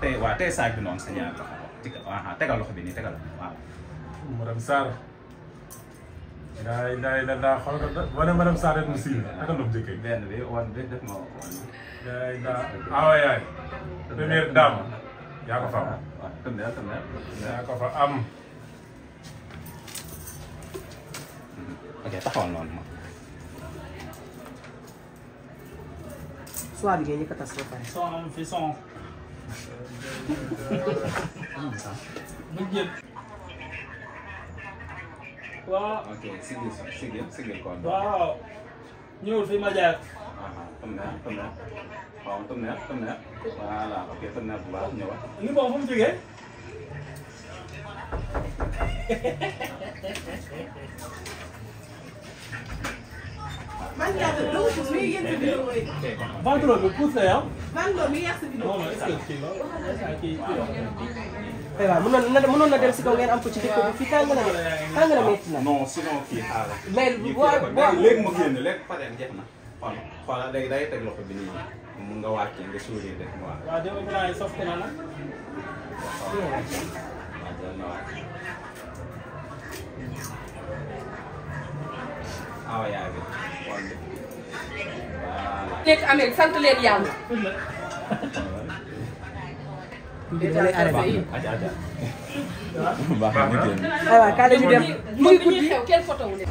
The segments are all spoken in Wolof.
tey waaw tey saag bi noonu sa ñaar loxo waaw tegal bi nii tegal loxo waaw. madame Sarr. daay daay da daa xool nga wane madame Sarr rek mu siiw naka la mu jëkkee. benn bi wan bi def ma wan. daay daa awa yaa ko fa am waaw tëndeel ko fa am. ok noonu ma. Sua liga ka tas ba pare. Son, fi son. Bëgg waaw ok sigil sigil sigil kon. waaw. ñëwul fi ma jaar. tëm na tëm na waaw tëm na tëm na voilà ok tëm na bu baax ñëwaat. li mu fu mu jógee. 24 heures mi ngi yéen sa vidéo yi. ventro bi pousse na yow. ventro mi ngi yàq sa vidéo. non non est-ce que kii la. aywa mënoon na mënoon na dem si kaw ngeen am ko ci dëkk bi fii tàng na tàng na métti na. non sinon kii xaaral. mais boo léegi ma génn léegi pare jeex na. xoolal xoolal léegi day teg loxo bi nii mu nga wàccee nga suuri def mu wàcc. waaw dégg naa sof na la. waaw waaw waaw. nekk amee sant leen yàlla. dèjà kàlla ñu dem muy guddi kenn photo wu leen.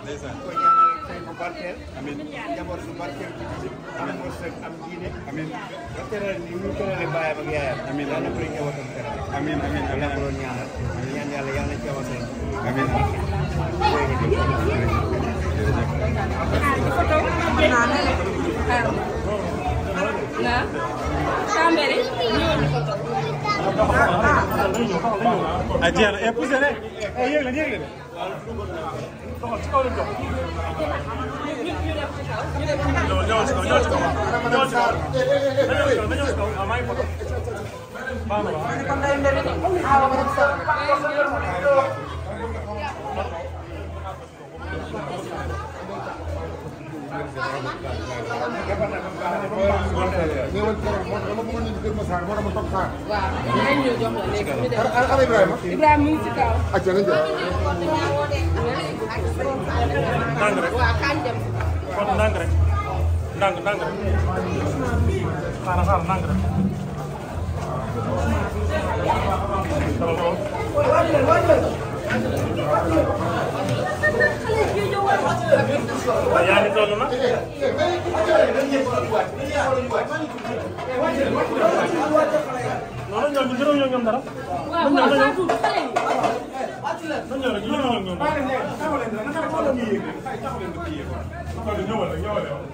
Ndeysaan barkeel. amiin njaboot su barkeel ci biir. am wërsëg am diine. amiin ba teral ni ñu terale baayam ak yaayam. amiin yàlla na ko doon njabootam teral. amiin amiin yàlla na ko doon ñaanal. ñaan yàlla yàlla na ci amasee. amiin jërëjëf. ah jeex na doxal ci kaw lañ dox. non ñëwal ci kaw ñëwal ci kaw ñëwal ci kaw ñëwal ci kaw waaw maa ngi foto. baax na waaw. ñëwal keroog moo dama ko mën a gërëm Sarr moo dama toog Sarr. waaw dinañ ñëw jox la léegi ñu dem. ana ana Ibrahima. Ibrahima mu ngi ci kaw. ak nañ jël. ndànk rek. waaw kañ dem. kon ndànk rek. ndànk ndànk rek. xaaral xaaral ndànk rek. salaamaaleykum. yaa ngi toll nag. non non ñoom ñoo ñoom ñoom dara. waaw waaw saa tuuti xale yi. ñoom ñoo ñoom ñoom ñoom. ñëwale ñëwale waaw.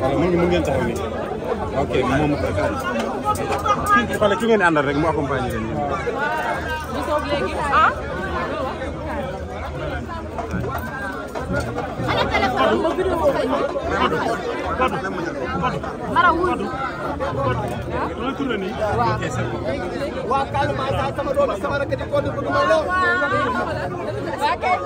wala mu ngi mu ngeen taxaw nii. ok moom xoolal ki ngeen àndal rek mu accompagner leen yéen. mara wuutu. waaw Kaaluma Assa sama doom bi sama rakk di kóol bëgg ma lool. waaw kay.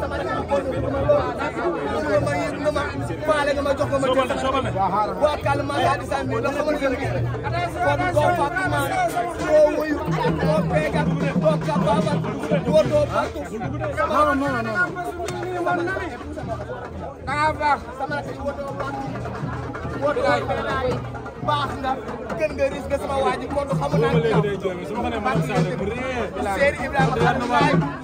sama rakk di kóol bëgg ma lool. nga ma faale nga ma jox nga ma teel sama teel waa Kalle maa yaa di sànni bii la xamal nga kii kon doo fàtte maa doo wuyu doo peegat doo kabaabat doo doo partout. non non non non. da ngaa baax. sama la tey woto woto baax nga gën nga risque sama waa ji kon xamu naa ne. sama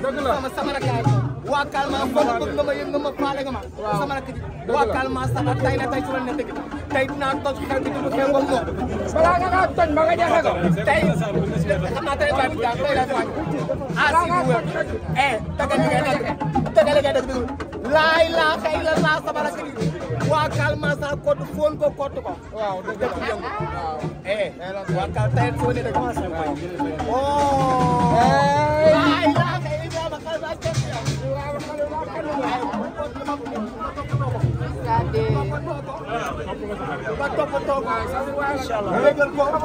Ibrahima sama rakkaay waa Calma foog nga bëgg nga ma yëg nga ma faale nga ma. waaw sama rakk ji waa Calma sax ak tey na tey su ma nekk tey dinaa toj xew bi dugg xew boobu moom. balaa nga kaa toj ma nga jafe ko. tey xam naa tey bàyyi bi daal tey laaj waaj. balaa ngaa toj rek ah si bu wér. Eh, tëggal li ngay def tëggal li ngay def dugub. laay laa xëy la laa sama rakk ji waa Calma sax kott foon ko kott ko. waaw dëgg la dëgg yëngu. waaw eh waa Calma tey foo ne rek. waaw waaw. laay laa xëy. ba toppatoo ko incha allah régal ko sama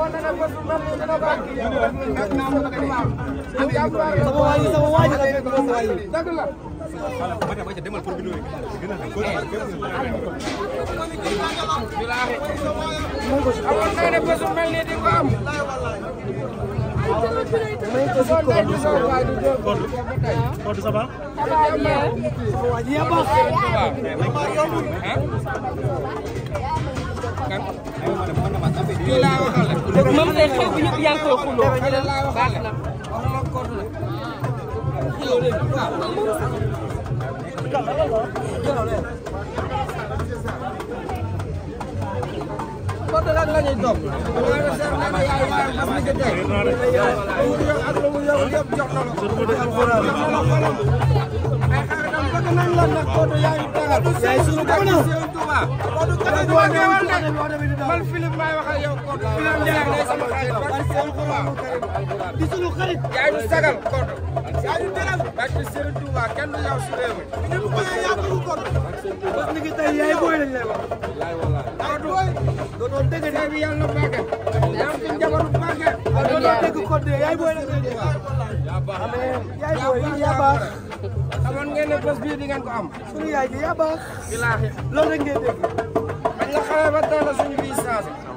waay sama waay la rek sama waay dëgg la demal pour bindoy gëna ko am na ne bësu mel ni di ko am may ko ko ko ko moom de xew bi ñëpp yaa ngi koy xuloo baax na. kóorte rek la ñuy toog. waaye nag seetlu naa ne yaay waaye xam nañ ko tey. lu mu yor ak lu mu yor yëpp jox na la. bëgg nañ la nag Codou yaa ngi tàngal. yaa ngi suñu bëgg nañ Serigne Touba. Codou keneen du ma neewal nag man Philippe maay wax ak yow Codou. Philippe Ndiaye ngay sama xarit. di suñu xarit. yaa ngi sagal Codou. yaa ngi teral. parce que Serigne Touba kenn du yow si réew mi. ñëpp ku ne yaa bëgg Codou. parce que tey yaay booy lañ lay wax. Codou dootoo dégg ne bi yàlla na màgget. yaa ngi suñu jabaru màgget. dootoo dégg Codou yaay booy lañ lay wax. yaa baax yaa baax. xamoon ngeen ne bés bii di ngeen ko am. suñu yaay ji yaa baax. bilaahi loolu rek ngeen dégg. bañ la xamee ba tey la suñu bii changé. waaw.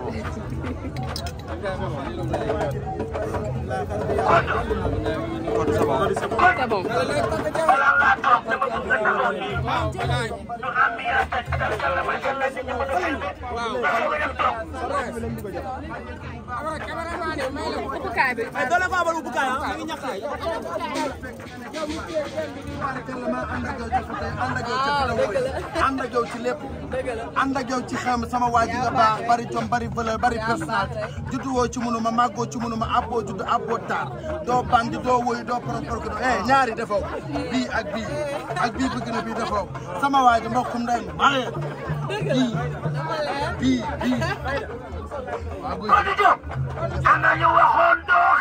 ubbukaay bi ay doole ko abal ubbukaay ah mi ngi ñàkk de. ànd ak yow ci lépp. ànd ak yow ci xam sama waa ji nga baax bari jom bari valeur bari personnalité juddu woo ci munuma màggoo ci munuma aboo juddu aboo taar doo bandi doo woyu doo porok eh ñaari defoo bii ak bii ak bii bëgg na bii defoo sama waa ji mbokkum ndey bii bii bii Mody Diop ana ñu waxoon doo